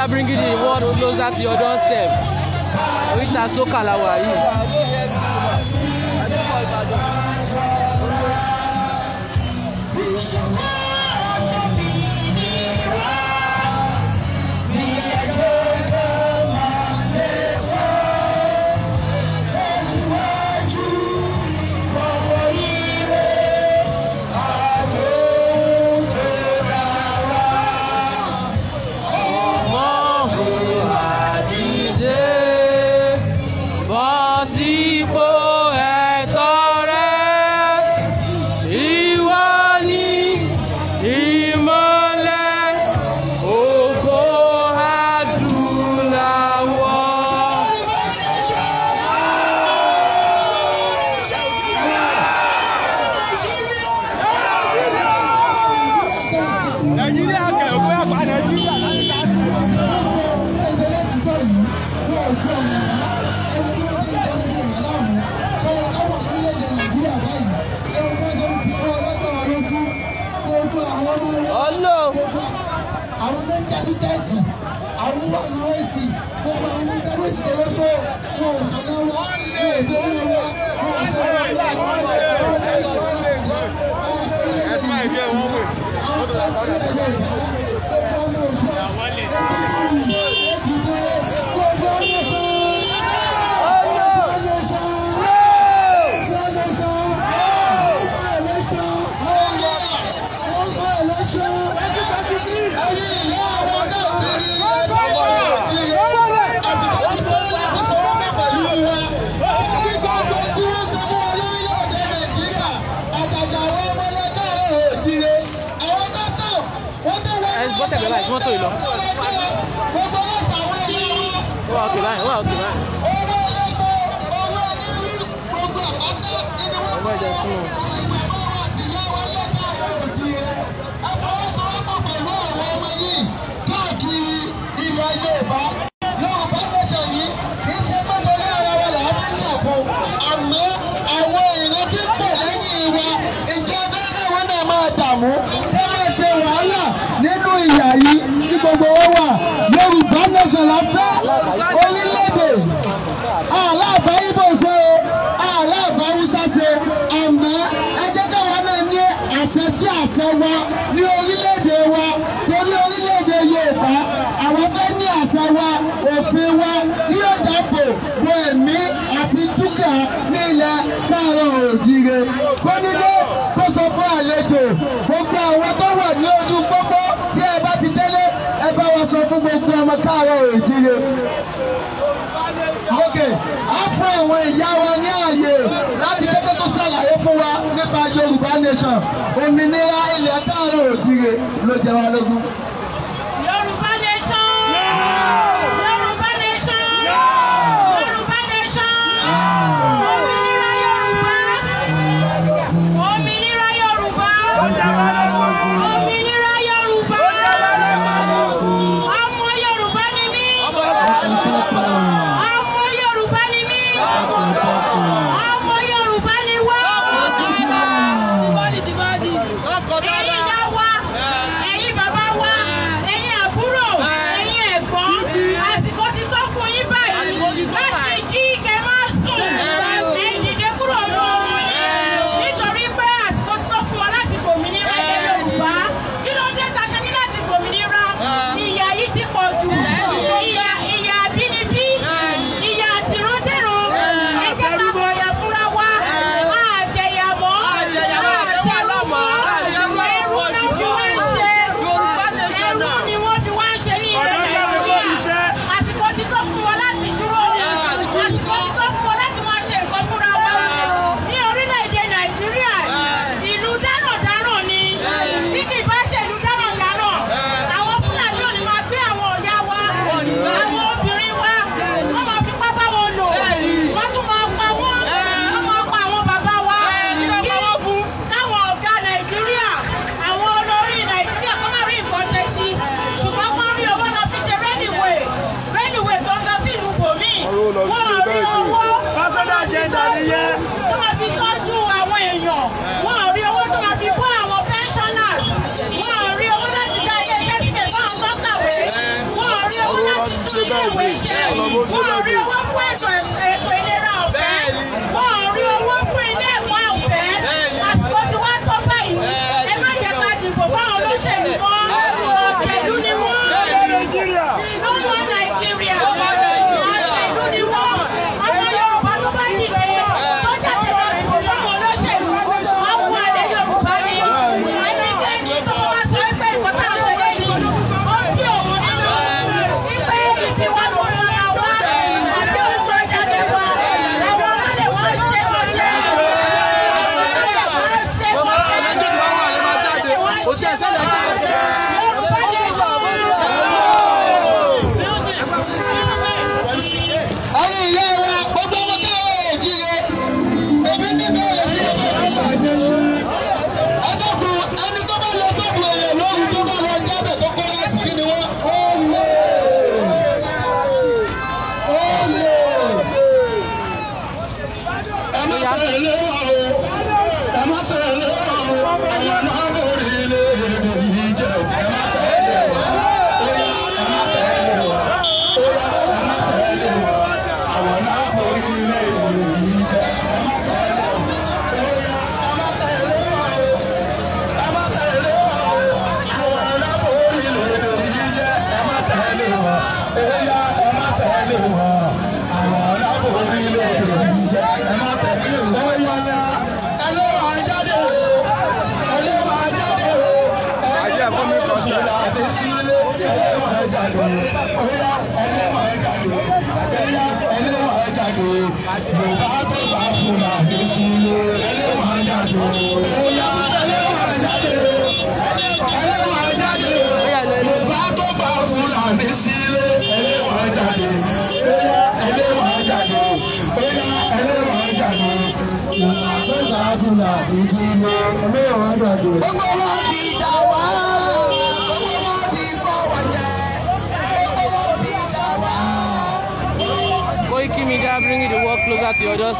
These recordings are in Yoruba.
are bringing the world closer to your doorstep We are so wà yìí. ló jẹ lógún.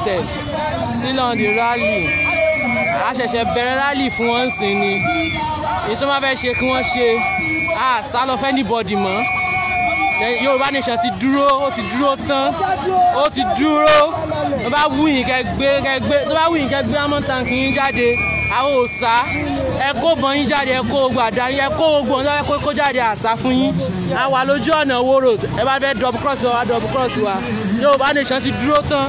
protest still on the rally a ṣẹ̀ṣẹ̀ bẹ̀rẹ̀ rally fún wọn sí ni èyí tó máa fẹ́ ṣe kí wọ́n ṣe a sá lọ fẹ́ anybody mọ́ Yorùbá nation ti dúró ó ti dúró tán ó ti dúró tó bá wù yín kẹ́ gbé kẹ́ gbé tó bá wù yín kẹ́ gbé amọ̀ tàǹkì yín jáde àwọn ò sá ẹ kó bọ́n yín jáde ẹ kó ogun àdá yín ẹ kó ogun ọ̀dọ́ ẹ kó jáde àṣà fún yín a wà lójú ọ̀nà owó road ẹ bá fẹ́ double cross wa double cross wa Yorùbá nation ti dúró tán.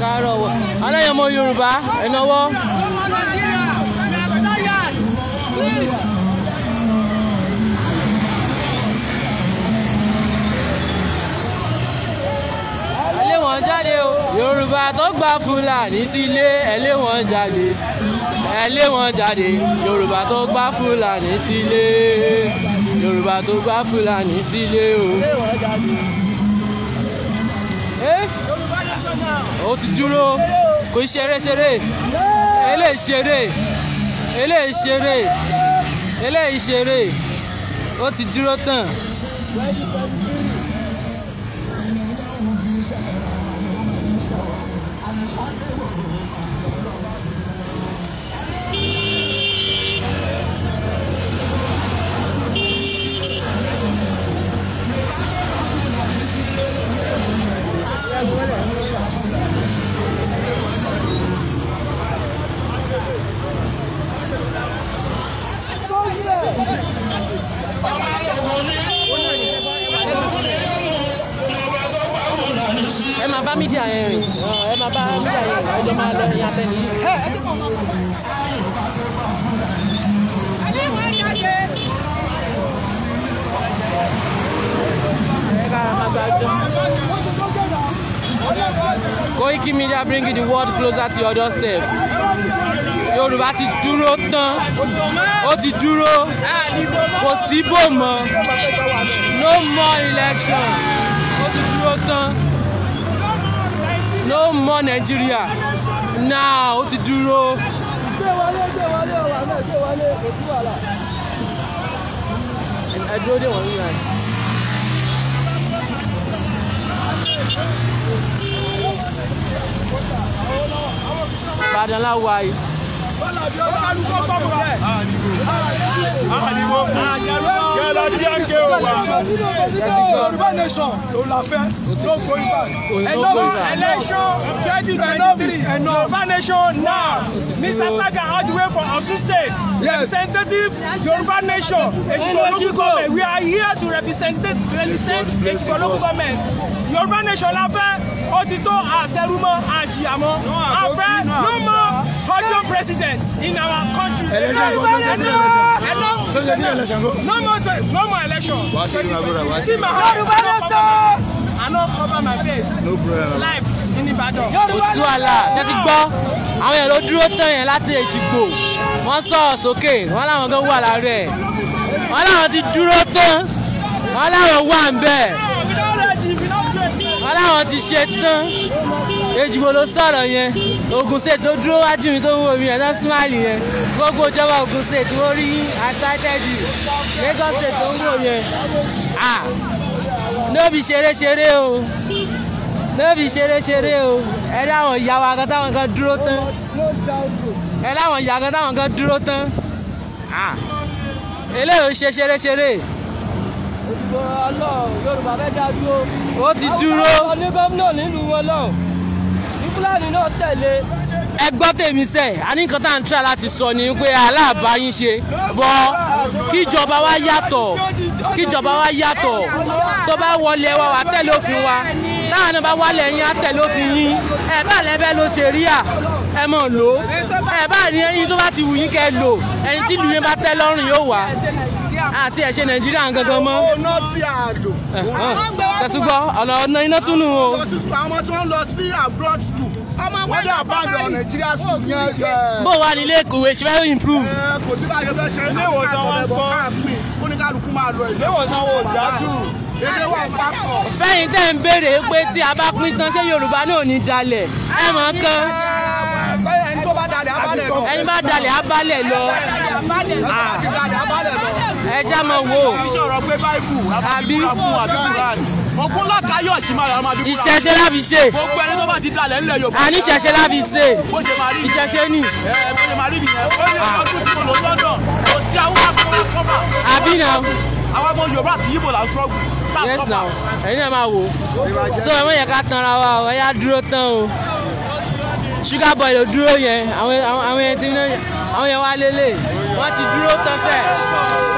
káàárọ̀ wọ̀ alẹ́ ọmọ Yorùbá ẹ̀nàwọ́. ẹlẹ́ wọn jáde o Yorùbá tó gba Fúlàní sílé ẹlẹ́ jáde ẹlẹ́ jáde Yorùbá tó gba Fúlàní sílé Yorùbá tó gba Fúlàní sílé o. ó ti dúró kò ṣeré ṣeré eléyìí ṣeré eléyìí ṣeré eléyìí ṣeré ó ti dúró tán. mídíà Koiki Media bringing the world closer to your doorstep. Yorùbá ti dúró tán, ó ti dúró, kò síbò mọ́, no more election, ó ti dúró tán no more Nigeria now ó ti dúró. gbé wọlé gbé wọlé ọ̀wà yìí kálukọ́ gbọ́mù rẹ̀. nation ló nation now Mr. Saga all the way from Osun State representative Yorùbá nation Èjìgbò government we are here to represent represent Èjìgbò local government Yorùbá nation la fẹ́ ó ti tó àṣẹrú mọ́ àjìyà mọ́ no more. Odun president in our country. Election go, no, election go. So election No more, no more election. Wasi Magura, Wasi Magura. Yoruba lọ́sọ̀. I no cover my face. No problem. Life in Ibadan. Yoruba lọ́sọ̀. Oṣù àlà ṣe ti gbọ́. Àwọn èrò dúró tán yẹn láti Èjìgbò. Wọ́n sọ sókè, wọ́n láwọn gan wà lára ẹ̀. Wọ́n láwọn ti dúró tán. Wọ́n láwọn wà ń bẹ̀. Wọ́n láwọn ti ṣe tán. Èjìgbò ló sọ̀rọ̀ yẹn. Ogun State tó dúró wájú mi tó ń wo mi yẹn lọ́sùmáàlì yẹn gbogbo ìjọba Ogun State wọ́n rí àtàtẹ́jì Lagos State tó ń wo yẹn ah lóbi ṣeré-ṣeré o lóbi ṣeré-ṣeré o ẹ láwọn ìyá wa kan táwọn kan dúró tán ẹ láwọn ìyá kan táwọn kan dúró tán ah eléyìí ṣe ṣeré-ṣeré òdìbò Ọlọ́run Yorùbá fẹẹ dá dúró ó ti dúró àwọn ọmọ ní gómìnà nílùú wọn lọ́hùnún fúlàní náà tẹ̀lé. ẹ gbọ́ tèmi sẹ́ a ní nǹkan tá à ń tra láti sọ ni pé aláàbáyín ṣe bọ́ kíjọba wa yàtọ̀ kíjọba wa yàtọ̀ tó bá wọlé wa wà tẹ̀lé òfin wa táwọn bá wálé yín á tẹ̀lé òfin yín ẹ bá lẹ́bẹ̀ẹ́ ló ṣe rí à ẹ mọ̀ lò ẹ bá ní ẹyin tó bá ti wù yín kẹ́ ẹ lò ẹni tí ìlú yẹn bá tẹ́ lọ́rùn yóò wá àti ẹ̀ṣẹ̀ nàìjíríà gangan mọ́. ọ̀nà tí a lò. tẹ̀sùgbọ́ ọ̀nà iná tún nù o. àwọn ọmọ tí wọ́n lọ sí abroad school wọ́n dẹ̀ àbájọ nàìjíríà sì yẹn ẹ̀. Eh. bó wà nílé ìkòwé ṣe fẹ́ improve. Eh, kò sí báyìí fẹ́ ṣe ilé ìwòsàn wọn gbọ́ káàkiri máa lọ ilé ìwòsàn wọn ò dájú èdè wà papọ̀. fẹ́yìn tẹ́ ń béèrè pé tí a bá pín tán ṣé yorùbá náà ní dalẹ̀ ẹ mọ̀ ọ́n kan. Eh, ẹni tó bá dalẹ̀ abalẹ̀ lọ. ẹni bá dalẹ̀ abalẹ̀ lọ ẹ já máa wò ó. iṣẹ́ ọ̀rọ̀ pé máa ra máa dúró. ìṣẹ̀ṣe la fi ṣe. gbogbo ẹni tó bá ti dalẹ̀ ńlẹ̀ Yorùbá. àní ìṣẹ̀ṣe la fi ṣe. bó ṣe ni. ẹ bó ṣe máa nìyẹn ó lè lọ́dún tí lọ́dọ̀ kò sí àwọn akọ́wà kọ́mà. àbí nà. àwọn ọmọ Yorùbá àti Ìgbò là ń sọ́gun. yes na ẹ̀yin náà máa wò ó. so yẹ ká tanra wa Sugar Boy ló dúró yẹn àwọn yẹn wá lélẹ̀ wọ́n ti dúró tán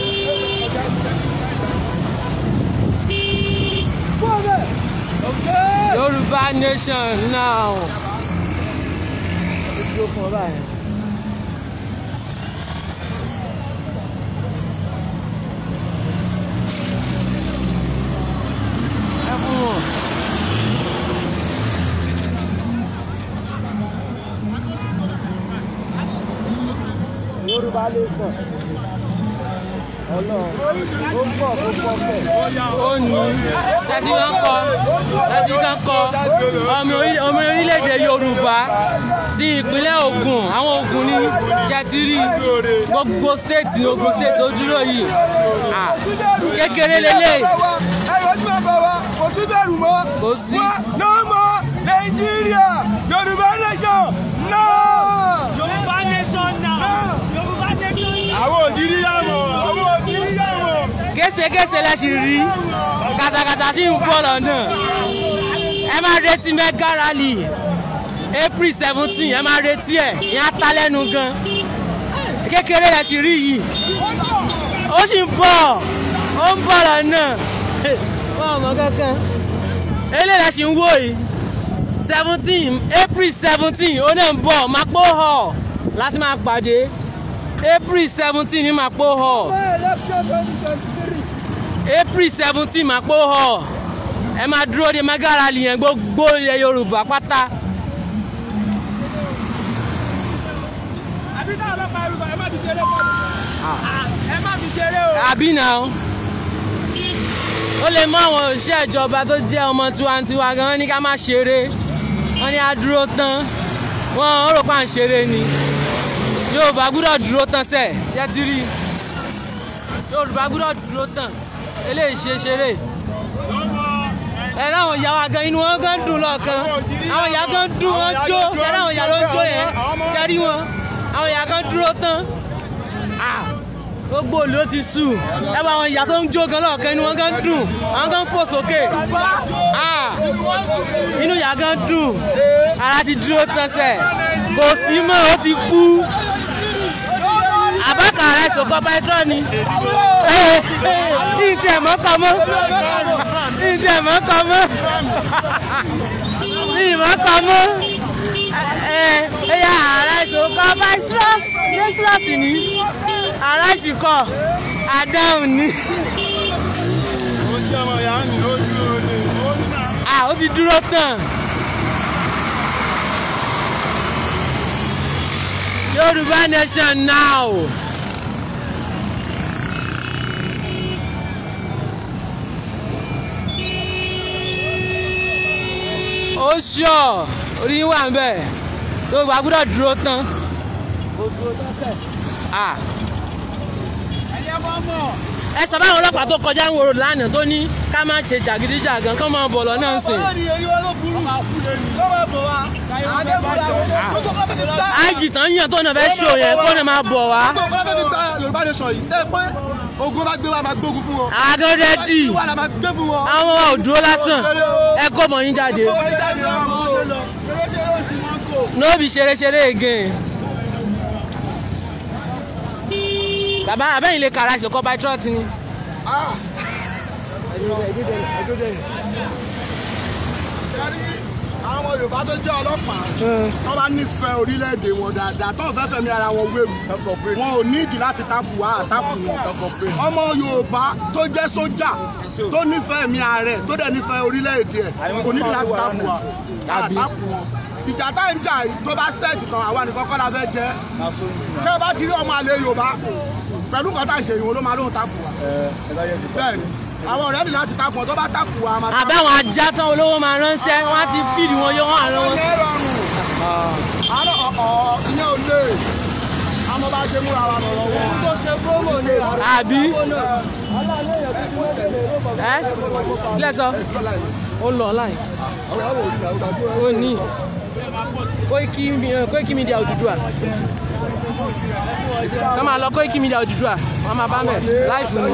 Yorùbá nation now. Ó dúró fún nation ó ní tàbí kan kọ tàbí kan kọ ọmọ orílẹ̀-èdè Yorùbá ti ìpínlẹ̀ Ògùn àwọn Ògùn ní jẹtìrì gbogbo state ní Ògùn state tó dúró yìí kékeré lélẹ̀. ẹ yóò tún bá wa kò sí bẹ̀rù mọ́ kò sí. náà mọ́ Nàìjíríà Yorùbá nation náà. Yorùbá nation náà. Yorùbá nation. àwọn òdìrí yà mọ̀ késekése lẹ sì rí kàtàkàtà tí ń bọ̀ lọ́nà ẹ máa retí mẹ́gà rally april seventeen ẹ máa retí ẹ̀ ìyẹn á ta lẹ́nu gan kékeré lẹ sì rí yìí ó sì ń bọ̀ ó ń bọ̀ lọ́nà wọ́n mọ̀ kankan eléyìí lẹ sì ń wò yìí seventeen april seventeen ó náà ń bọ̀ Mápó hall láti máa pàdé april seventeen ní Mápó hall april seventeen Mapo hall ẹ máa dúró de mega rally yẹn gbogbo ilẹ̀ yorùbá pátá. àbí táwọn ọlọ́pàá yorùbá ẹ má fi ṣeré fún mi ah. ẹ má fi ṣeré o. àbí náà ó lè mú àwọn òṣìṣẹ́ ìjọba tó jẹ́ ọmọ tiwantiwa gan-an ní ká má ṣeré wọ́n ní á dúró tán wọ́n ó rò pa à ń ṣeré ni yorùbá gbúdọ̀ dúró tán sẹ́ẹ̀ yẹ́tìrì yorùbá gbúdọ̀ dúró tán eléyìí ṣe ṣeré ẹ láwọn ìyá wa gan inú wọn gan dùn lọ́ọ̀kan àwọn ìyá gan dùn wọn jó ẹ láwọn ìyá ló ń jó yẹn jẹrí wọn àwọn ìyá gan dúró tán gbogbo olú ti sù ẹ bá àwọn ìyá tó ń jó gan lọ́ọ̀kan inú wọn gan dùn àwọn gan fò sókè inú ìyá gan dùn ara ti dúró tán sẹ kò sí mọ́ ó ti kú àbákàrà ìsòkò pẹtrọ ni. ìdí ẹ̀mọ́ kọ mọ́ ìdí ẹ̀mọ́ kọ mọ́ ìmọ̀ kọ mọ́ ẹ̀yà àrà ìsòkò pẹtrọ nẹ́sírọ̀tì ni àrà ìsìkọ̀ àdáhùn ni. ó ti dúró tán. Yorùbá nation now. ó ṣọ orí yín wà ń bẹ̀ tó gbàgbọ́dọ̀ dúró tán. ó dúró tán tẹ̀ ẹ sọ báwọn ọlọ́pàá tó kọjá ń wòrò lánàá tó ní ká má ṣe jàgídíjàgan kán máa bọ̀ lọ́nà ńsìn. àìjì tán yàn tó nà fẹ́ ṣò yẹn kó nà máa bọ̀ wá. ogun bá gbé wa máa gbógun fún wọn. àgọ́dẹ́ dì àwọn wa lásán ẹ mọ̀ yín jáde. no be ṣeré ṣeré again. bàbá abẹ́yìn lè kàrà ṣèkọ́ by trot ni. Ah. àwọn Yorùbá tó jẹ́ ọlọ́pàá tó bá nífẹ̀ẹ́ orílẹ̀-èdè wọn dáadáa tó fẹ́ fẹ́mi ara wọn wéwu wọn ò nídìí láti tapù wá àtàkù wọn ọmọ Yorùbá tó jẹ́ sójà tó nífẹ̀ẹ́ mi ààrẹ tó dẹ̀ nífẹ̀ẹ́ orílẹ̀-èdè ẹ̀ kò nídìí láti tapù wá àtàkù wọn ìjà tá ń jà tó bá sẹ́ẹ̀tì kan àwa nìkan kọ́ la fẹ́ jẹ́ kẹ́ bá ti rí ọmọ àlè Yorùbá pẹ̀lú nǹkan tá à ń ṣe ìwọ ló máa lóun takù wa. bẹ́ẹ̀ ni àwọn ọ̀rẹ́ mi láti takùn tó bá takù wa. àbáwọn ajá tán olówó máa ránṣẹ́ wọ́n á ti fíìdì wọn yọ wọ́n àrùn wọn. àwọn ọ̀ọ́ ìyẹn ò lè àmọ́ bá ṣe múra wa lọ́wọ́ wọn. àbí ẹ ilé sọ ó lọ láì ó ní Koiki Media Odùduwà kọ́ máa lọ Koiki Media Odùduwà wọ́n máa bá mẹ́ láìfù ni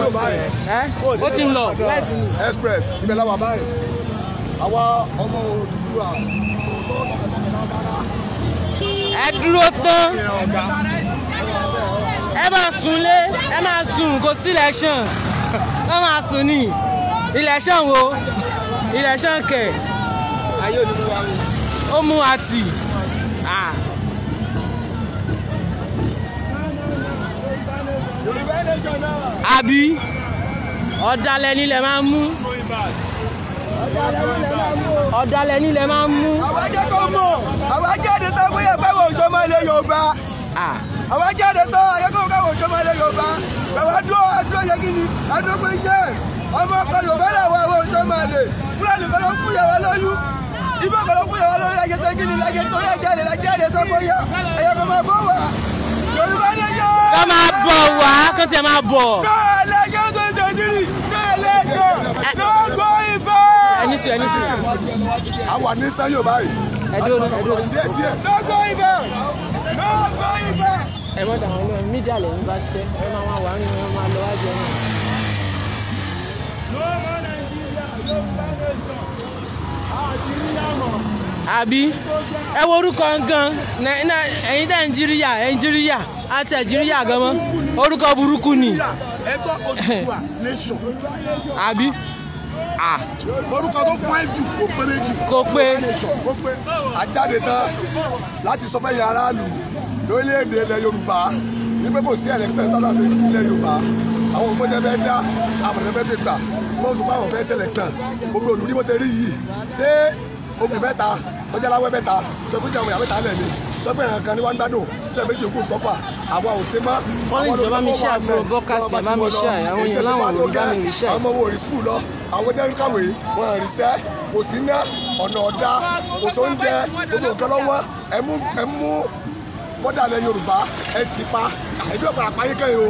ó ti ń lọ láìfù ni. express ibẹ̀ la wà báyìí àwa ọmọ Odùduwà ẹ dúró tán ẹ máa sunlé ẹ máa sùn kò sí election ẹ máa sùn ní election wo election kẹ ayé olùkọ́ wa ó mú àtì. àbí ọ̀dàlẹ̀ nílẹ̀ máa ń mú ọ̀dàlẹ̀ nílẹ̀ máa ń mú. àwa jẹ́ kó mọ̀ àwa jáde tó kó yẹ pé wò sọ máa lè Yorùbá àwa jáde tó akẹ́kọ̀ọ́ káwọ̀ sọ máa lè Yorùbá àwa dúró àdúró yẹ kí ni àdúró pé iṣẹ́ ọmọ ọkọ Yorùbá làwọn àwọn sọ máa lè Fúlàní kan ló fún yàrá lóyún ibà kan ló fún yàrá lóyún lajẹ tó kí ni lajẹ tó lajẹ bọ̀ wá kó tiẹ̀ máa bọ̀. bẹ́ẹ̀lẹ̀ yóò tó ṣe jírí bẹ́ẹ̀lẹ̀ yóò lọ́gọ́ ibà. ẹni sùn ẹni sùn. a wà ní sanyo báyìí. ẹ dúró ẹ dúró. lọ́gọ́ ibà lọ́gọ́ ibà. ẹ mọ̀ tàwọn náà mídíà lẹ́yìn bá ṣiṣẹ́ ẹ máa wà nínú ẹ máa lọ wájú ẹ àbí ẹ wo orúkọ gan ẹ̀yin dá nàìjíríà nàìjíríà àti nàìjíríà gan mọ́ orúkọ burúkú ni. ẹgbẹ́ Odùduwà nation. àbí. orúkọ tó fún ẹjù kò pé méjì. kò pé. kò pé àjáde tán láti sọ fẹ́yìn aráàlú lórílẹ̀‐èdè ilẹ̀ yorùbá ní pé kò sí ẹ̀lẹ́sẹ̀ tọ́lá tó ti ilẹ̀ yorùbá àwọn òpótẹ́ bẹ́ẹ̀ dá àmọ̀tẹ́ bẹ́ẹ̀ dé gbà tí wọ́n sọ fún àwọn fẹ́ẹ́ sẹ̀lẹ̀sẹ̀ gbogbo olùdí bó ṣe rí yìí ṣé omi mẹ́ta ọjàláwẹ́ mẹ́ta sọfúnjà ọmọ ìyá mẹ́ta lẹ̀ mi tọ́pẹ́ ìrìn kan ní wọ́n ń gbádùn sílẹ̀ méjì òkú sọ́pà àwa ò sí mọ́. wọ́n ní ìjọba mi ṣe àbúrò bọ́kásì bàbá mi ṣe àwọn èèyàn láwọn ò bá mi ṣe. ọmọ wo rí skul lọ àwọn dẹ́rù kàwé wọn rí sẹ́ kò sí ná ọ̀nà ọ̀dá kò sóúnjẹ gbogbo nǹkan lọ́wọ́ ẹ mú bọ́dà lẹ Yorùbá ẹ ti pa àìdúrà pàràpàyé kẹ́yìn o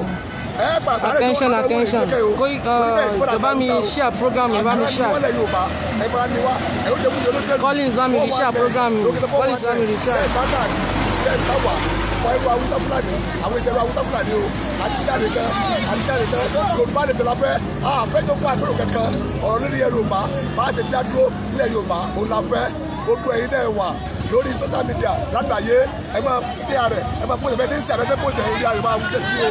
attention attention kó uh, ìjọba mi share program yẹn bá mi share Collins bá mi rí share program Collins bá mi rí share ilẹ̀ ìta wà fọ ẹrú awúsá fúlàní àwọn ìjẹrú awúsá fúlàní o àtijáde kan àtijáde kan yorùbá lè sọlá fẹ́ àfẹ́ tó kó àpérò kankan ọ̀rọ̀ lórí yorùbá bá a ṣe dá dúró nílẹ̀ yorùbá òun la fẹ́ gbogbo ẹ̀yin náà wà lórí social media látàyé ẹ máa ṣe àrẹ ẹ máa pọ́sẹ̀ bẹ́ẹ̀ ní ṣe àrẹ fẹ́ pọ́sẹ̀ orí àrẹ máa wúlò sí o.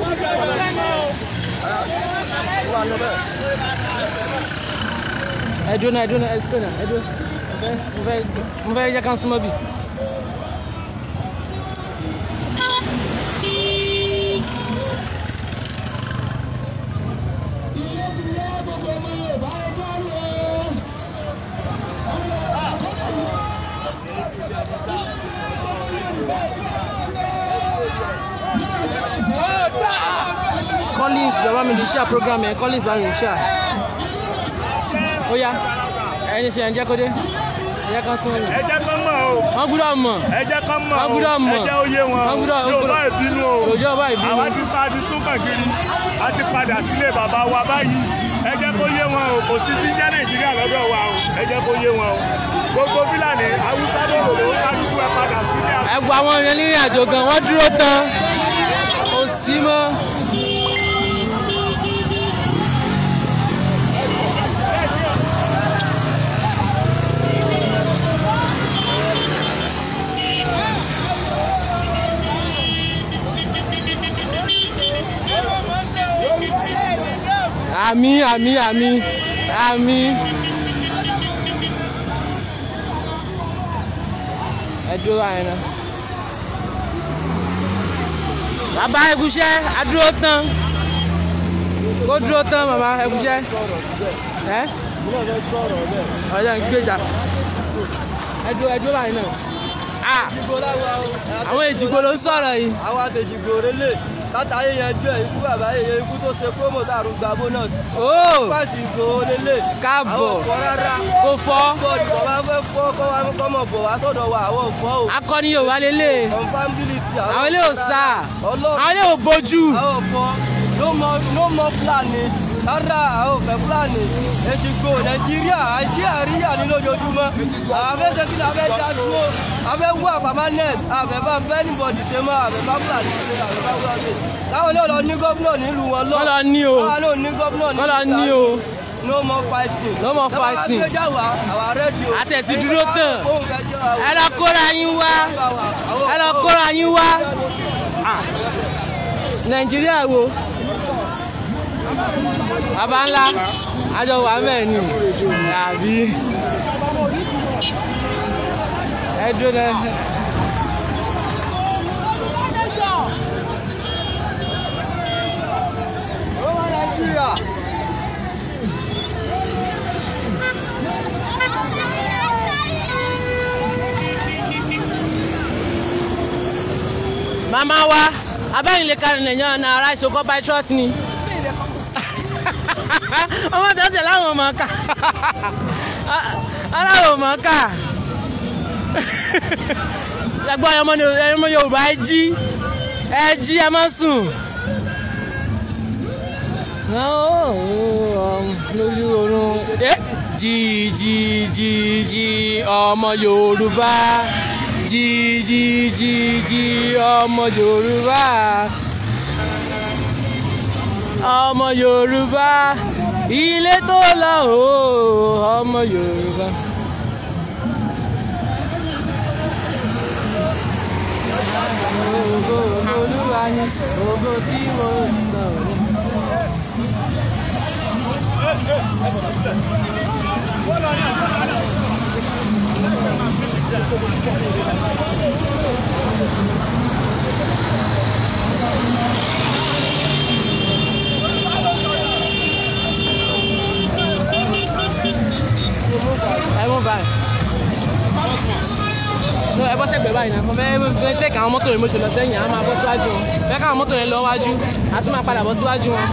ẹ dúró náà ẹ dúró náà ẹ dúró náà ẹ dúró mo fẹ́ jẹ́ ká ń súnmọ́ bì. Collins bàbá mi lè share program yẹn Collins bàbá mi lè share. ó yá ẹni ṣe ẹ̀ ń jẹ́ kó dé ẹ jẹ́ kán sọ̀rọ̀. ẹ jẹ́ kán mọ̀ o. wọ́n gbúdọ̀ mọ̀. ẹ jẹ́ kán mọ̀ o. wọ́n gbúdọ̀ mọ̀. ẹ jẹ́ oyé wọn o. yóò bá ìbínú o. yóò bá ìbínú. àwa ti sá a ti tún kàn kiri a ti padà sílé bàbá wa báyìí ẹ jẹ́ kó yé wọn o kò sí ti jẹ́ nàìjíríà lọ́dọ̀ wa o ẹ jẹ́ kó yé wọn o gbogbo fúlàní haúsá lòrò ló ń kálukú ẹ padà sílé. ẹ gbọ́ àwọn ìrìn àjò gan wọ́n dúró tán kò sí mọ́. àmín àmín àmín àmín. ẹ dúró àyìn náà. bàbá ẹgúsẹ́ adúró tán kó dúró tán màmá ẹgúsẹ́. ẹ ọjà ń gbèjà ẹ dúró ẹ dúró àyìn náà. àwọn èjìgbò ló ń sọ̀rọ̀ yìí. àwọn àtẹ̀jìgbò rẹ̀ lè bàtà yìí yanjú ẹ̀ ikú bàbá yìí ikú tó ṣe promo tààrùn gba bonus. ooo pàṣẹ ìgbòho lélẹ̀. káàbọ̀ àwọn ọ̀fọ́ rárá. kò fọ́. bọ́ọ̀lù bọ̀ wá fẹ́ fọ́ kọ́ wá kọ́mọ̀ bọ̀ wá sọ̀dọ̀ wa àwọn ọ̀fọ́ o. akọni yóò wá lélẹ̀. confam ability àwọn ilé ò sá. àwọn ilé ò bójú. àwọn ọ̀fọ́ no more no more planning. Fulani rárá àwọn òfẹ́ Fulani ètùkò Nigeria. Nigeria. ni lójoojúmọ́ àfẹ́sẹ̀ kí ni afẹ́ dá dúró afẹ́ wú àpamánẹ́t àfẹ́fà fẹ́nìbọ̀dì ṣe mọ́ àfẹ́fà Fulani ṣe àfẹ́fà Fulani láwọn náà lọ ní gómìnà nílùú wọn lọ kọ́lá ní o kọ́lá ní gómìnà nílùú wọn lọ no more fighting. no more fighting. àtẹ̀sí dúró tán ẹ lọ kóra yín wá ẹ lọ kóra yín wá nàìjíríà wo. Baba ńlá ajọwa wà mẹ́ẹ̀ ni àbí Mama wa, abẹ́yìn lè na ara by trust ọmọ tẹ̀sẹ̀ láwọn ọmọ ká aláwọ̀ ọmọ ká ẹgbọ́n ọmọ Yorùbá ẹ jí ẹ jí ẹ má sùn jìjìjìjì ọmọ Yorùbá jìjìjìjì ọmọ Yorùbá ọmọ Yorùbá. ilé tó la o ọmọ Yorùbá. ògo Olúwa ni ògo tí mo ń tọ̀ ní. Thank you. ẹ mú báyìí. no ẹ bọ́ sẹ́gbẹ̀ẹ́ báyìí náà kọ́ fẹ́ẹ́ fẹ́ tẹ̀ka àwọn mọ́tò rẹ̀ mọ́ṣọ lọ sẹ́yìn àwọn máa bọ́ síwájú wọn fẹ́ káwọn mọ́tò rẹ̀ lọ wájú a tún máa padà bọ́ síwájú wọn.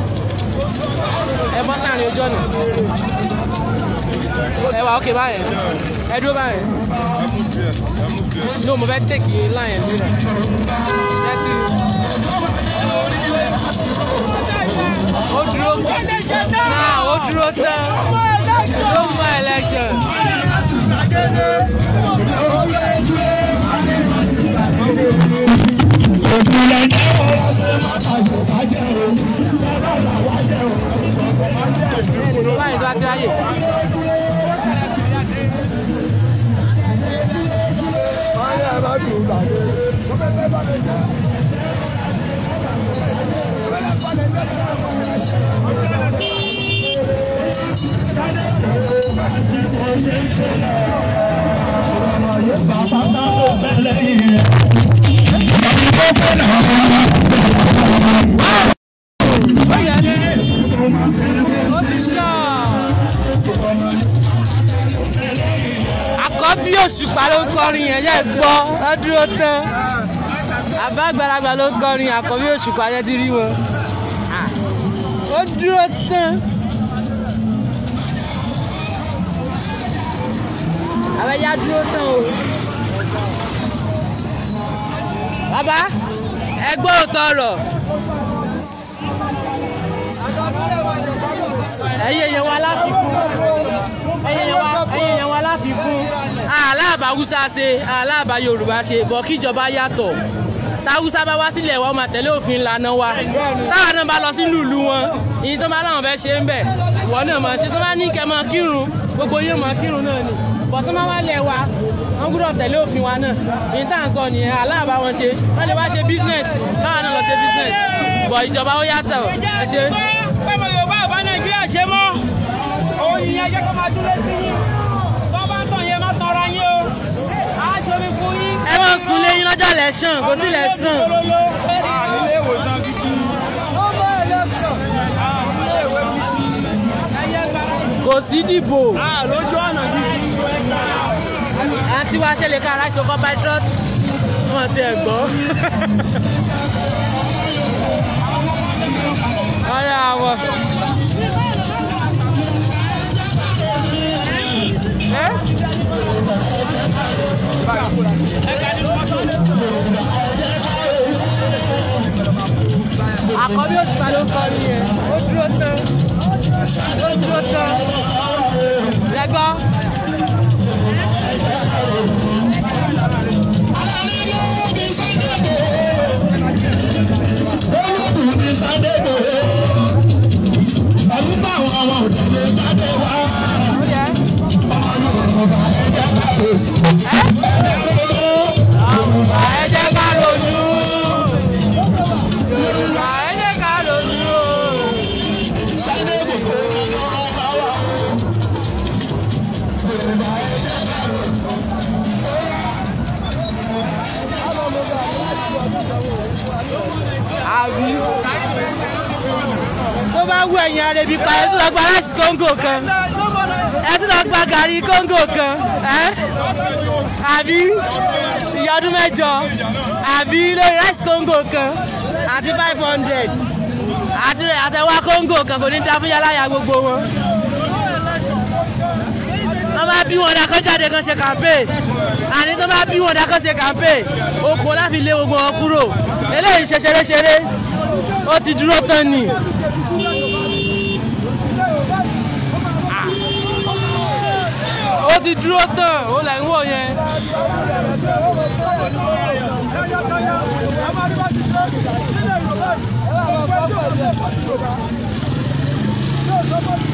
ẹ bọ́ sáàrin ojú ọ̀nà. ẹ wà ókè báyìí ẹ dúró báyìí. no mo fẹ́ tẹ̀kì láyẹn mìíràn. ẹ ti ó dúró náà ó dúró tán. election. No more election. ló ń kọrin àkọ́bí òṣùpá yẹn ti rí wọn ó dúró tán. àwọn ẹja dúró tán o. bàbá ẹgbẹ́ òótọ́ ọ̀rọ̀ ẹ̀yẹ yẹn wà láfikún ẹ̀yẹ yẹn wà ẹ̀yẹ yẹn wà láfikún àlàbà Haúsá ṣe àlàbà Yorùbá ṣe bọ̀ kíjọba yàtọ̀ táwùsá bá wá sílẹ̀ wa ó máa tẹ̀lé òfin ìlànà wa táwa náà bá lọ sínú ìlú wọn ìyí tó bá láwọn fẹ́ ṣe ń bẹ̀ ìwọ náà máa ṣe tó bá ní kẹ́ máa kírun gbogbo yín máa kírun náà ni bọ̀ tó máa wá lẹ̀ wa wọ́n gbúdọ̀ tẹ̀lé òfin wa náà ìyí tá à ń sọ nìyẹn aláàbá wọn ṣe wọ́n lè wá ṣe business táwa náà lọ ṣe business bọ̀ ìjọba ó yàtọ̀ ẹ ṣe. ọmọ Yorùbá ọba Nàìjíríà ṣe mọ́ òun ìyẹn jẹ́ kó máa dúró sí yín wọ́n sùn léyìn lọ́jà lẹ́sàn kò sí lẹ́sàn. ilé ìwòsàn gidi. kò sí dìbò. lójú ọ̀nà gidi. àti wàá ṣẹlẹ̀ ká aláṣọ kọ́ bá trọ́t wọ́n ti ẹ̀ gbọ́. ebi pa ẹ tún lọ gba láti kóńgò kan ẹ tún lọ gba gàrí kóńgò kan àbí ìyá ọdún àbí lórí láti kóńgò kan àti five hundred àti àtẹwà kóńgò kan kò ní dá fún yàrá gbogbo wọn wọ́n bá bí wọn dákọ́ jáde kan ṣe campaign àní tó bá bí wọn dákọ́ ṣe campaign oko láfi lé gbogbo wọn kúrò eléyìí ṣe ṣeréṣeré ó ti dúró tán ni. ti dúró tán ó là ń wò yẹn.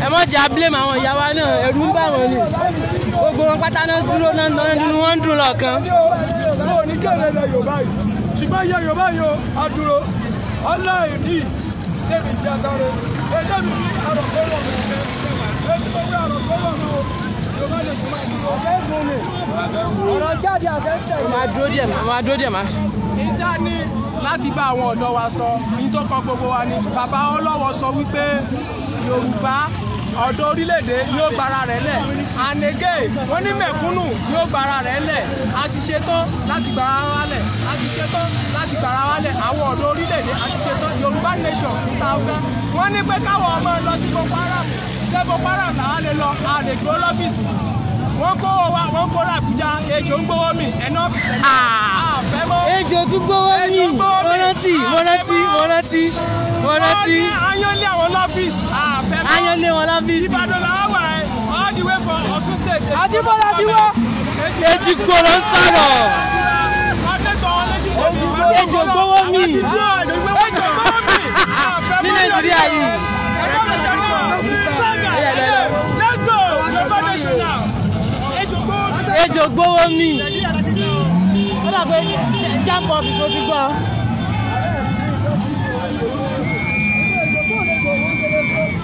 ẹ mọ̀ jẹ́ abúlé màwọn ìyá wa náà ẹ̀rù ń bà wọ́n ni gbogbo wọn pátá náà dúró náà nínú wọn ń dùn lọ́ọ̀kan. ṣùgbọ́n iye yorùbá yìí ó ọlọ́ọ̀dì débi jẹ́ àtàrò ẹ̀jẹ̀ mi mi ṣe èyí mi ọ̀rọ̀ jáde àfẹ́sẹ̀. máa dúró díẹ̀ máa dúró díẹ̀ máa. ìjà ni láti bá àwọn ọ̀dọ́ wa sọ ní tó kan gbogbo wa ni bàbá ọlọ́wọ́ sọ wípé yorùbá ọ̀dọ́ orílẹ̀-èdè yóò gbára rẹ̀ lẹ̀ anege wọ́n ní mẹ̀kúnnù yóò gbára rẹ̀ lẹ̀ a ti ṣetán láti gbára wa lẹ̀ a ti ṣetán láti gbára wa lẹ̀ àwọn ọ̀dọ́ orílẹ̀-èdè a ti ṣetán yorùbá nation ta ọ̀gá wọ́n ní pé káwọn ọmọ lọ sí Boko Haram ṣé boko haram là á lè lọ a lè gbó lọ́fíìsì wọ́n kó wa wọ́n kó ra Àbújá ejò ń gbówó mi ẹ̀nà ọ̀fíìsì àfẹ́ ah! mọ́ ejò tún gbówó mi mo rántí mo rántí mo rántí mo rántí. wọ́n ní ayọ́lé àwọn lọ́fíìsì àfẹ́ mọ́ ayọ́lé wọn lọ́fíìsì. Ìbàdàn làwọn wà ẹ́ all the way from Ọ̀ṣun state. Àdìbọ́lá ti wá ejì gbòòrò ń sọ̀rọ̀ ejò gbówó mi ní Nàìjíríà yìí. ló gbówó mi. ó dà pé jápọ̀ bí mo ti gbọ́.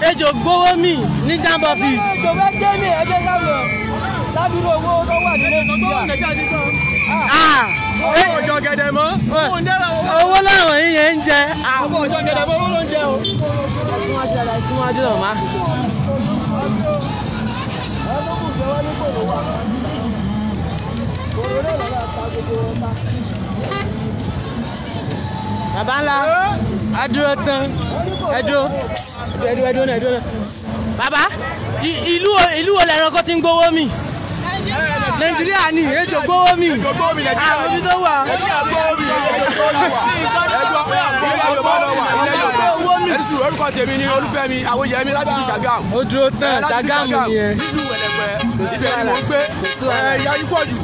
ejò gbówó mi ní jápọ̀ bí. ejò fẹ́ jẹ́ mi ẹgbẹ́ sáwọn ládùúgbò owó tó wà nílé nàìjíríà owó ọjọ́ gẹ̀dẹ̀ mọ́. owó làwọn yìí yẹn ń jẹ. owó ọjọ́ gẹ̀dẹ̀ mọ́ owó ló ń jẹ o. síwájú ọ̀la síwájú ọ̀la baba ńlá adúró tán ẹdúró ẹdúró ẹdúró náà ẹdúró náà baba ìlú ìlú wo lẹ́ran kó ti ń gbowó mi nàìjíríà ni èjò gbowó mi àwọn omi tó wà ẹni sùn orúkọ tèmi ni olúfẹ́mi àwòyẹmí láti fi ṣàgàm. ó dúró tán ṣàgàm nìyẹn. nínú ni ẹ yáyí pọ̀ jù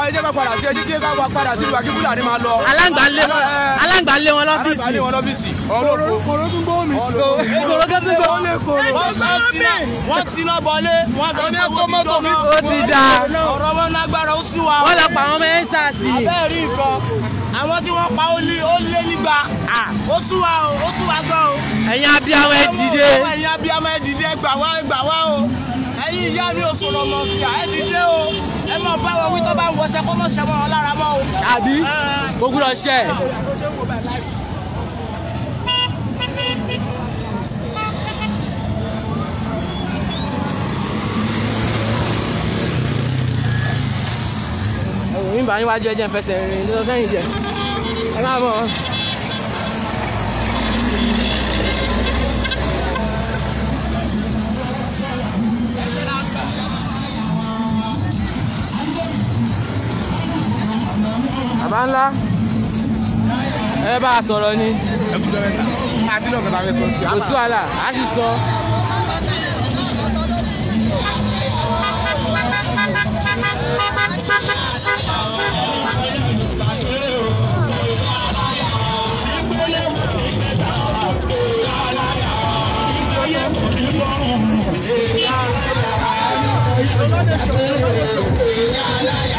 ẹ jẹ́ ká padà sí sí ìwà kí fúlàní máa lọ. tún gbóhùn mi. kòró tún gbóhùn mi. wọ́n ti náà bọ́lé. wọ́n ti náà bọ́lé. ó ti dáa. tí wọ́n pa ó lé nígbà ó súwa o ó súwa gan o. ẹ̀yin abiyamọ ẹ dìde. ẹ̀yin abiyamọ ẹ dìde gbà wá gbà wá o ẹ̀yin ìyá mi ò sọ̀rọ̀ mọ̀ fìyà ẹ dìde o ẹ mọ̀ bá wí tó bá ń wọṣẹ kó mọ̀ ṣẹ mọ́ ọ lára mọ́ o. àbí kò gbúdọ̀ ṣe. ìbáyín wájú ẹjẹ ń fẹsẹ̀ rìn lọ sẹ́yìn jẹ ẹ máa bọ̀. bàbá ńlá ẹ bá a sọ̀rọ̀ ni kò sí wàhálà a sì sọ. Thank you. يا لا يا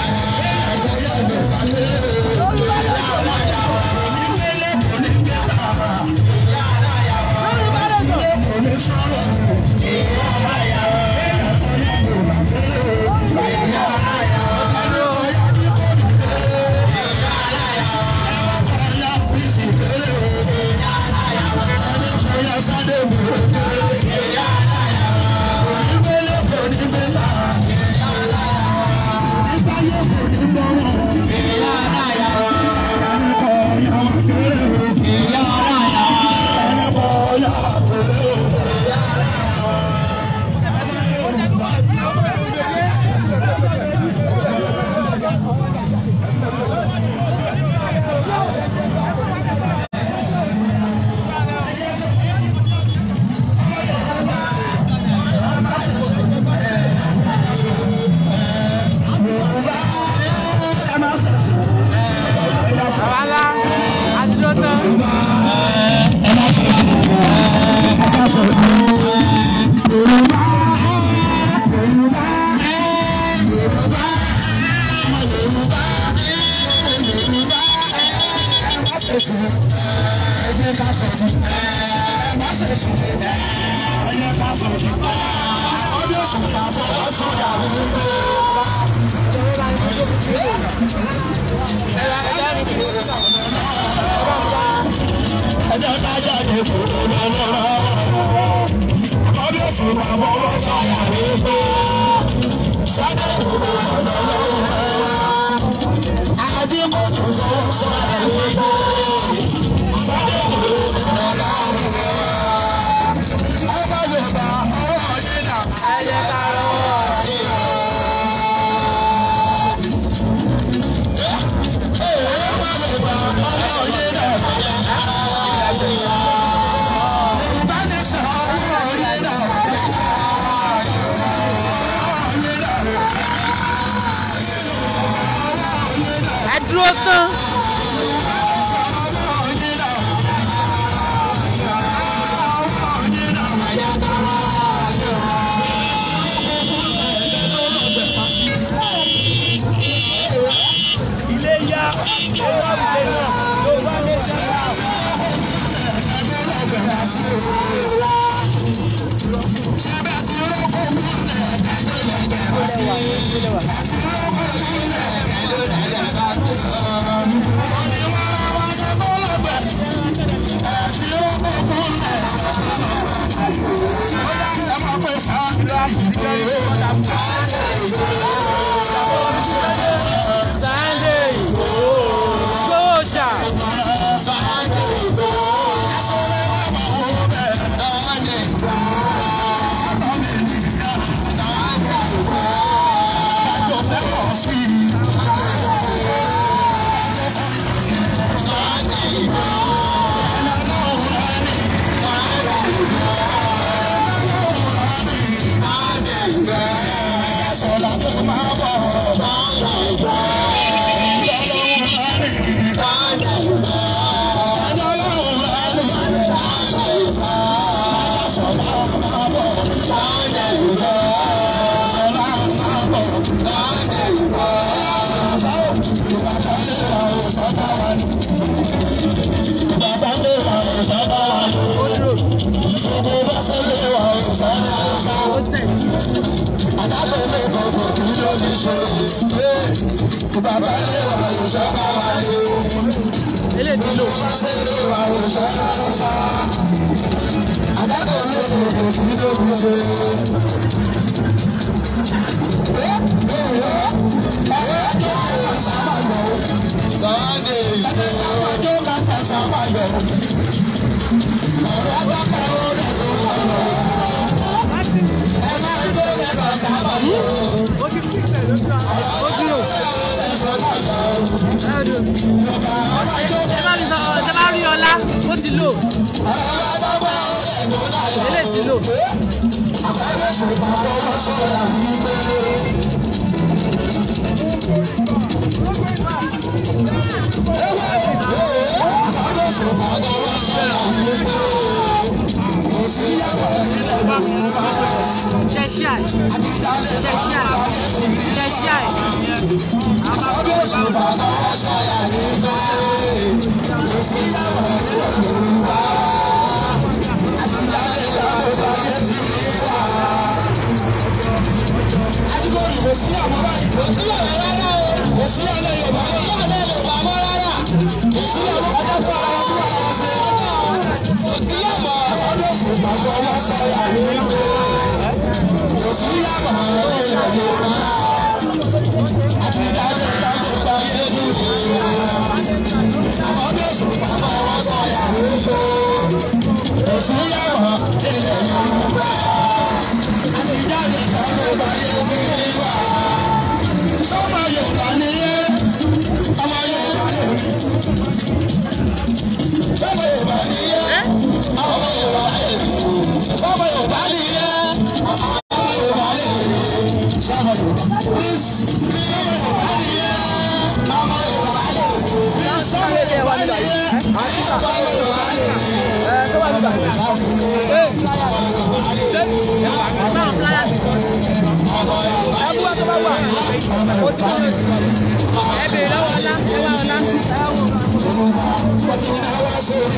kò sí báyìí kò sí rárá o kò sí ọ̀rẹ́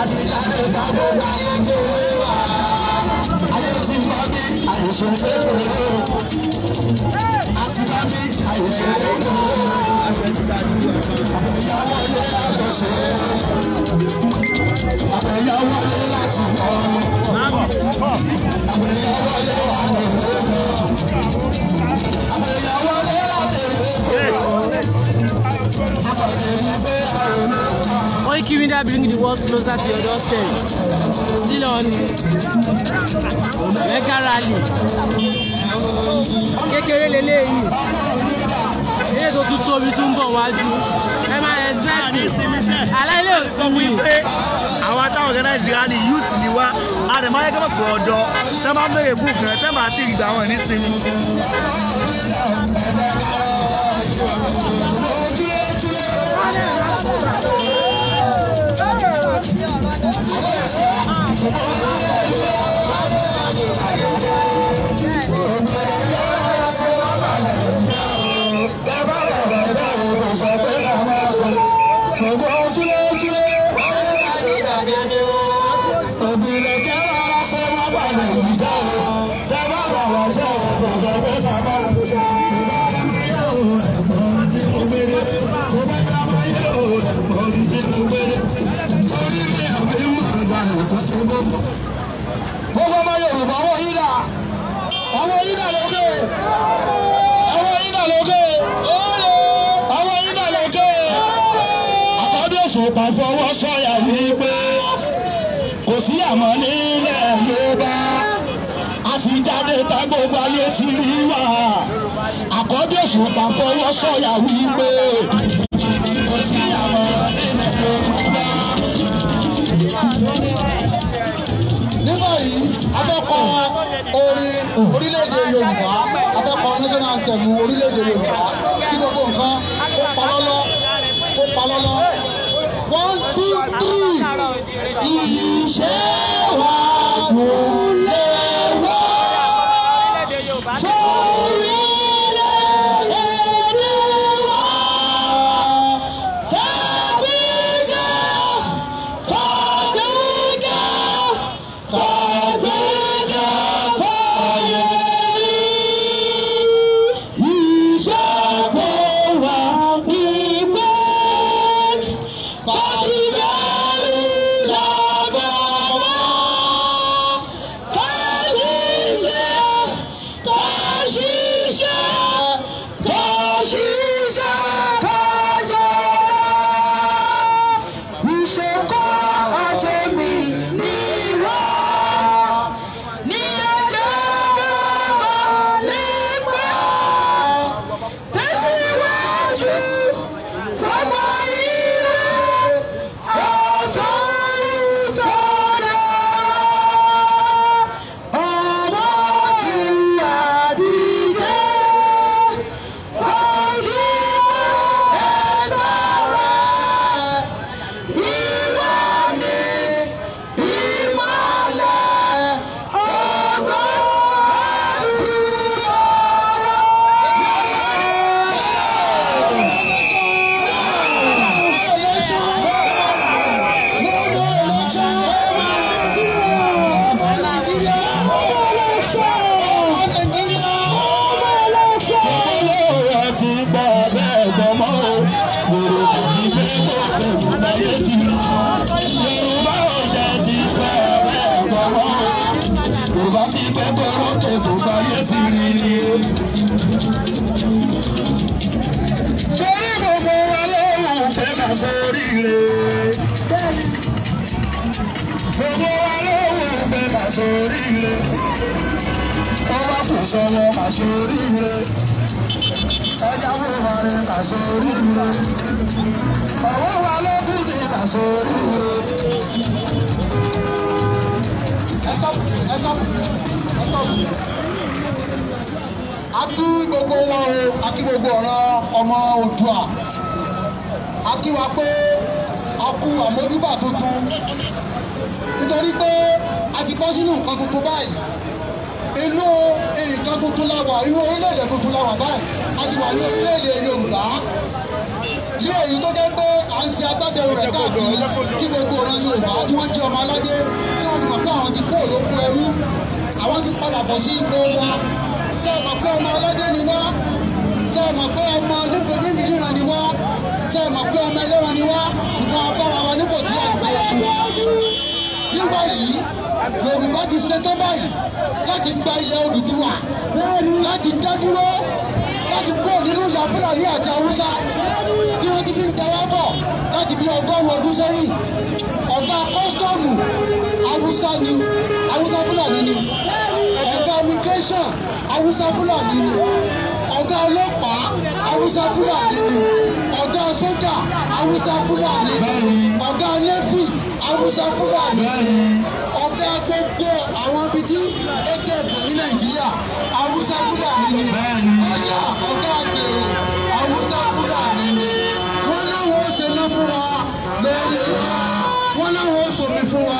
àìsàn èkó asibami àìsàn èkó àbẹ̀yàwó lé àtọ̀sẹ̀ àbẹ̀yàwó lé. Nigeria bring the world closer to your doorstep. Still on mega rally. Kékeré leléyìí. Ilé tó tún tóbi tún bọ̀ wájú. Ẹ máa ẹ sẹ́ẹ̀tì. Aláìlẹ̀ òsì mi. Àwọn atáwọn ọ̀gá náà ìdíra ni youth ni wá. A lè máa yẹ kẹ́kọ̀ọ́ pọ̀ ọ̀dọ́. Tẹ́ máa ń bèrè fún ìfẹ́ tẹ́ máa ti gbà wọ́n ní sinmi. 아, 네. Òṣùpá fọwọ́ sọ̀yà wípé. a kí gbogbo wa o a kí gbogbo ọ̀rọ̀ ọmọ Oòduà a kí wa pé a kú àmójúbà tuntun nítorí pé a ti bọ́ sínú nǹkan tuntun báyìí inú nǹkan tuntun la wà inú orílẹ̀-èdè tuntun la wà báyìí a ti wà ní orílẹ̀-èdè Yorùbá ní èyí tó jẹ́ pé à ń ṣe agbátẹrù rẹ̀ káàkiri kí gbogbo ọ̀rọ̀ Yorùbá tí wọ́n jẹ́ ọmọ aládé tí wọ́n mọ̀ pé àwọn ti kó òlókun ẹrú àwọn ti padà bọ̀ sí ipò wa ṣe mọ̀ pé ọmọ ọlọ́dẹ ni wá ṣe mọ̀ pé ọmọ níbìríran ni wá ṣe mọ̀ pé ọmọ ẹlẹ́ran ni wá ṣùgbọ́n abára wa nípò tí àgbáyé fún wa. nígbà yìí Yorùbá ti ṣetán báyìí láti gba ilẹ̀ Odùduwà láti dá dúró láti kúrò nínú ìyá Fúlàní àti Haúsá tí wọ́n ti fi ń tẹ̀wá bọ̀ láti bí ọgọ́rùn ọdún sẹ́yìn ọ̀gá kọ́sítọ́ọ̀mù Haúsá ni Haúsá Fúlàní ni ọ̀gá immigration haúsá fúlàní ni ọ̀gá ọlọ́pàá haúsá fúlàní ni ọ̀gá sójà haúsá fúlàní ni ọ̀gá nẹ́fì haúsá fúlàní ni ọ̀gá gbogbo àwọn ibi tí ètò ẹ̀kọ́ ní nàìjíríà haúsá fúlàní ni ọjà ọ̀gá àgbèrò haúsá fúlàní ni wọ́n náà wọ́n ṣe ná fún wa lórí wa náà wọ́n ṣòmí fún wa.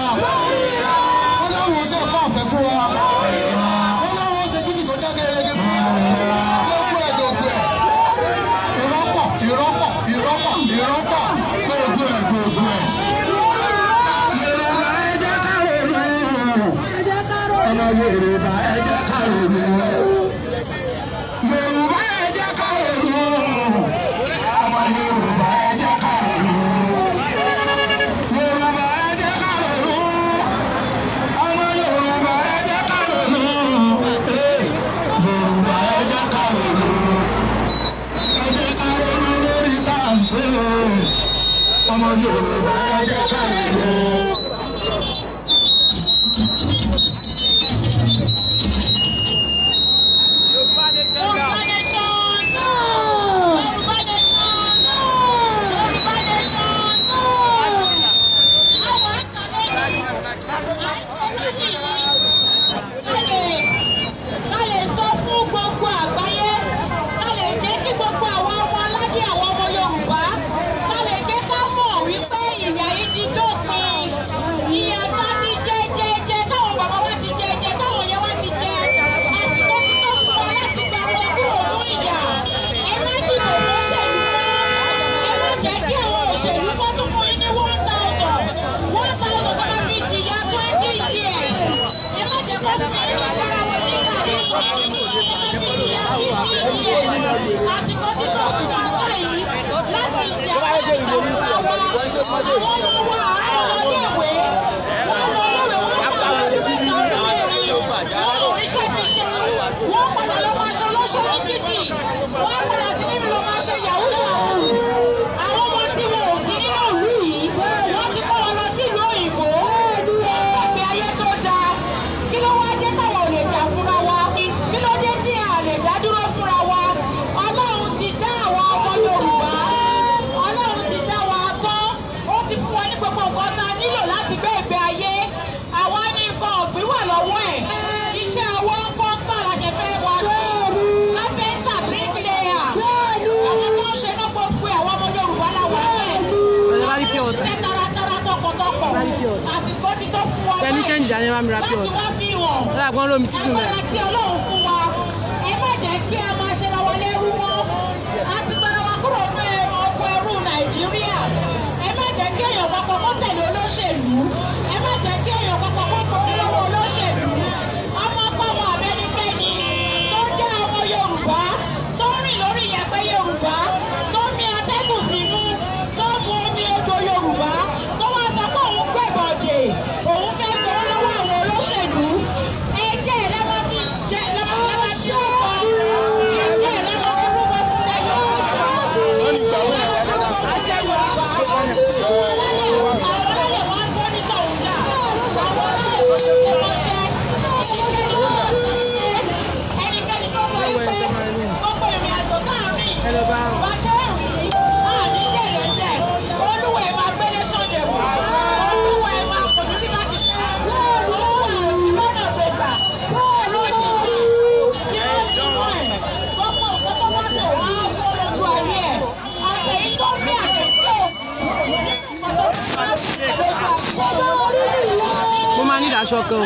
Jocão.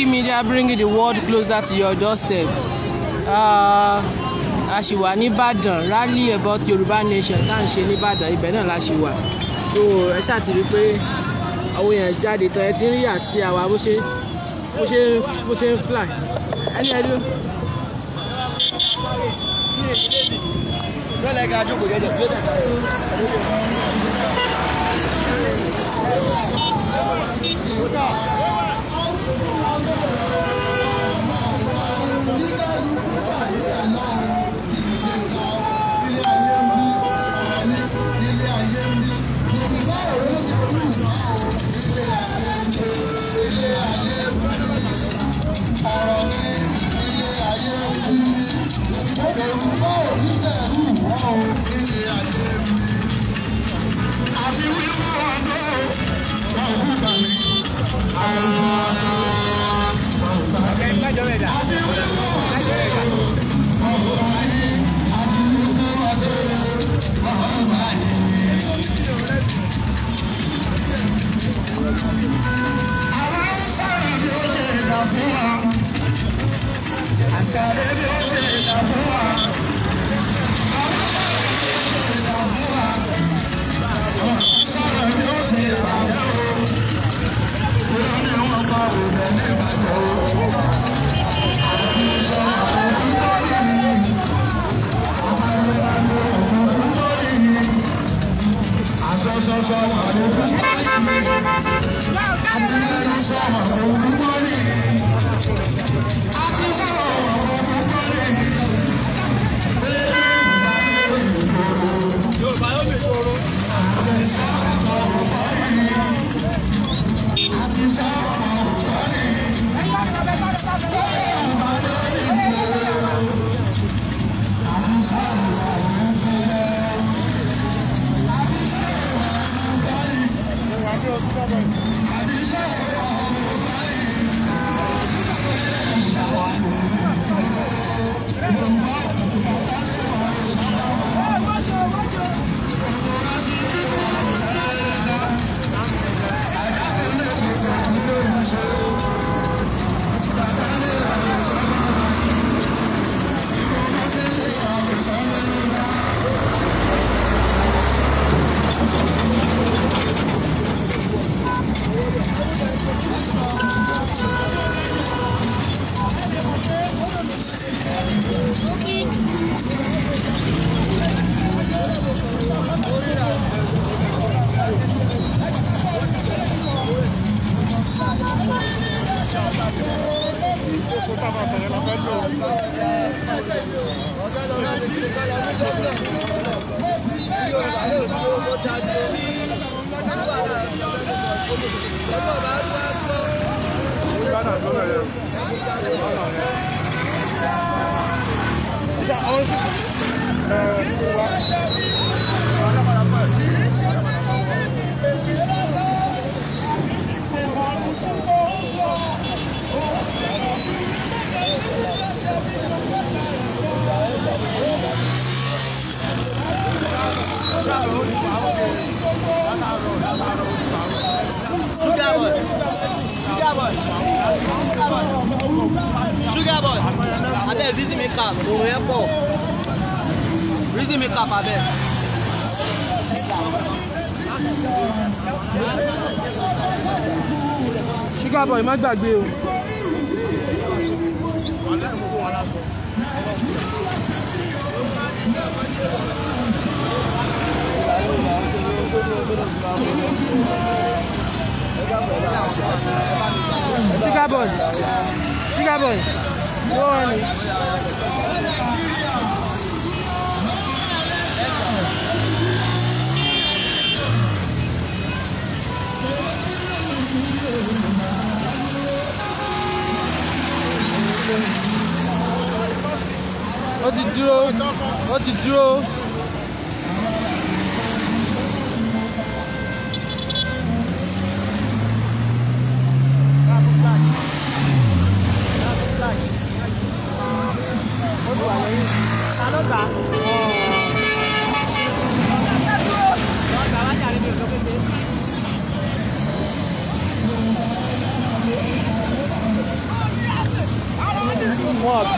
Koiki Media bringing the world closer to your doorstep. Uh, a ṣì wà nìbàdàn rally about Yorùbá nation tá à ń ṣe nìbàdàn ibẹ̀ náà la ṣì wà. so ẹ ṣáà ti rí i pé àwọn èèyàn jáde tán ẹ ti ń rí àsí àwa bó ṣe bó ṣe bó ṣe ń fly ẹni ẹdú. bẹ́ẹ̀ ká ọmọ ọ̀rọ̀ ọmọ ọ̀rọ̀ oníkálukú pàdé àná.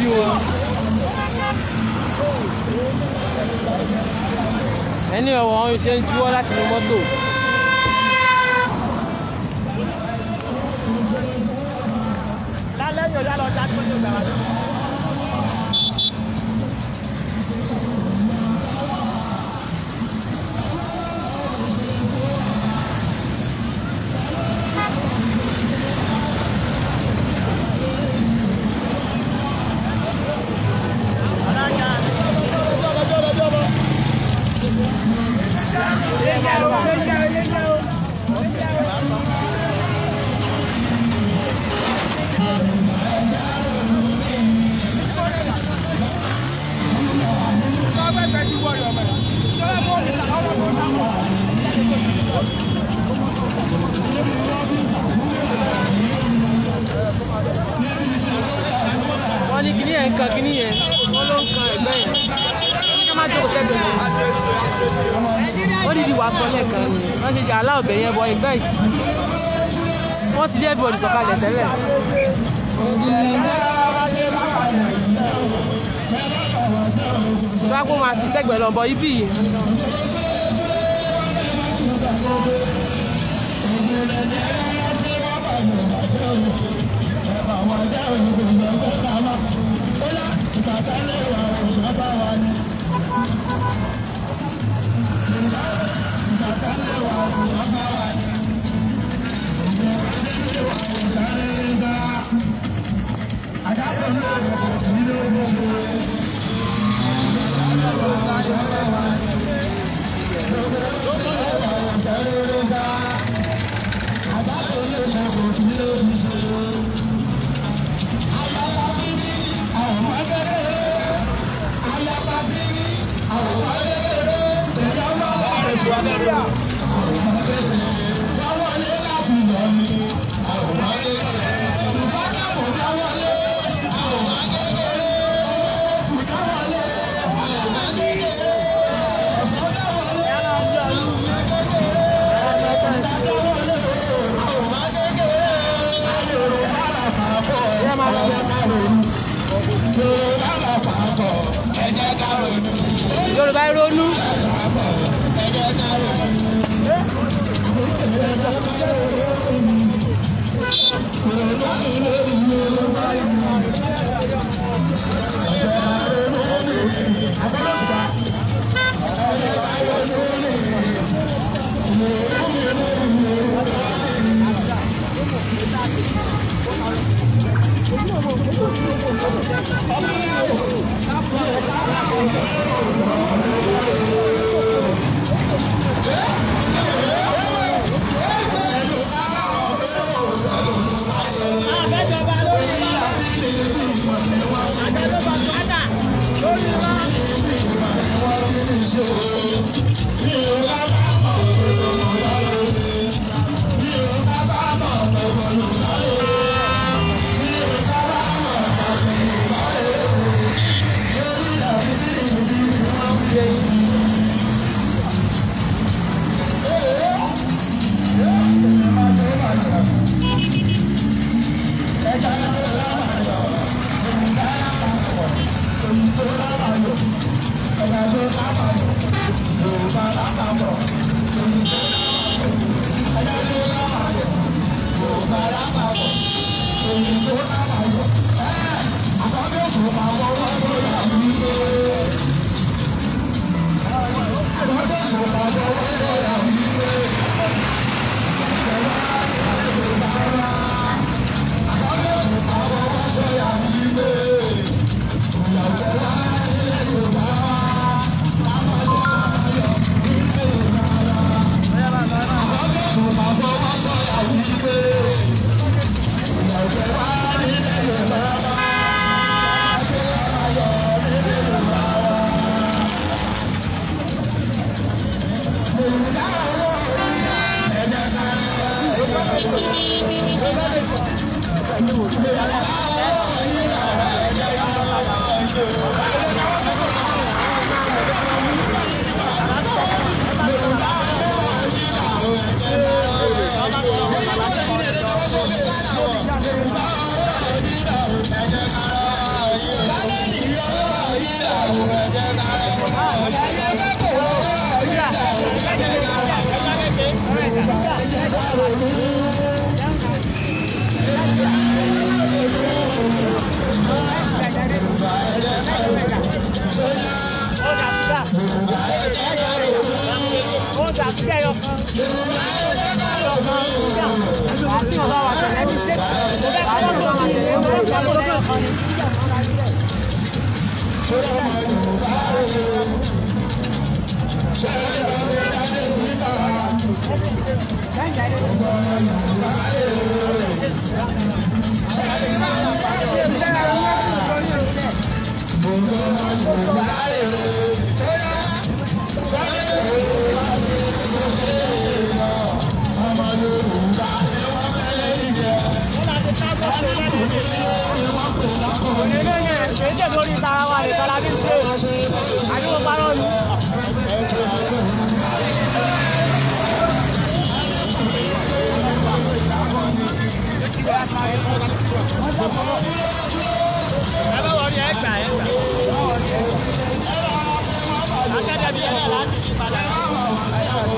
sí wọn. ẹni ọ̀wọ́n ṣe ń juwọ́ láti inú mọ́tò.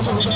Thank you.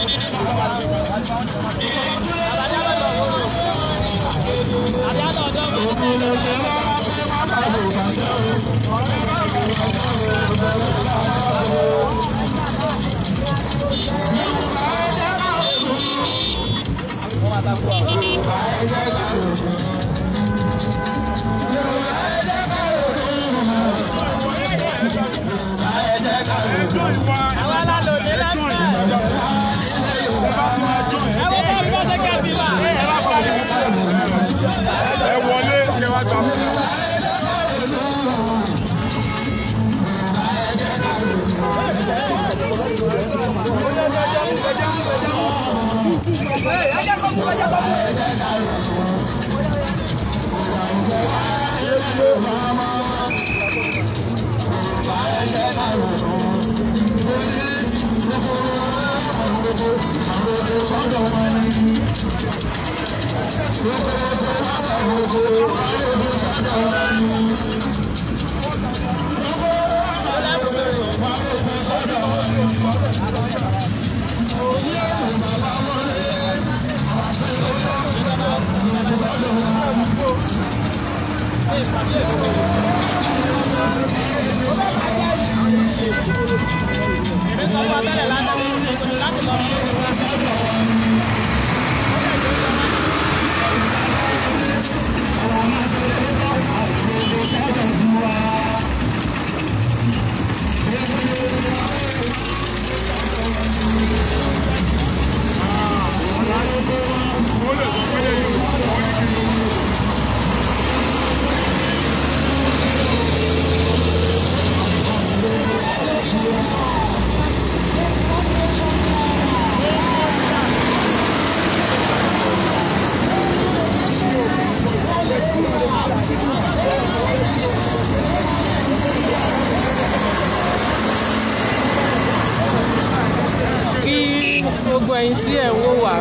ẹ̀yin tí ẹ̀ ń wò wá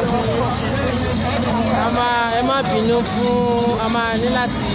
a máa ẹ má bínú fún a máa ní láti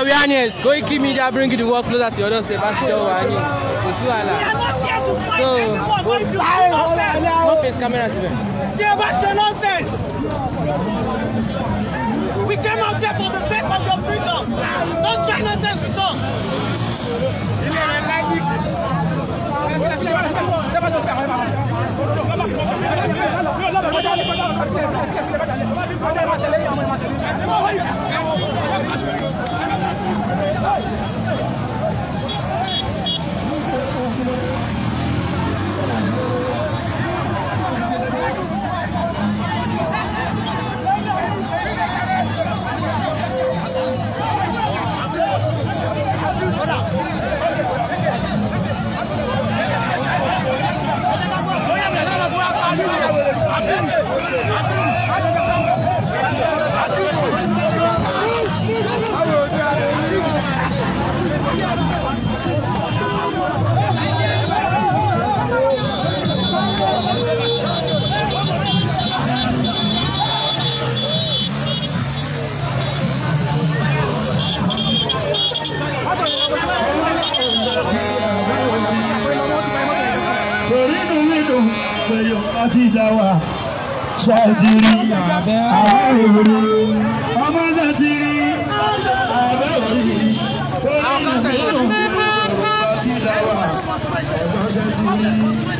awareness Koiki Media bring the work closer to Ondo State pásítọ̀ wa ní kò sí so no face camera síbẹ̀. tí o bá ṣe nonsense we came out here for the sake of your freedom don't try nonsense with us. ilé dáwà ṣàtìrí àbẹ́wòrí ọmọ ṣàtìrí àbẹ́wòrí torí ìlú òkú ọtí dáwà ẹ̀gbọ́n ṣàtìrí.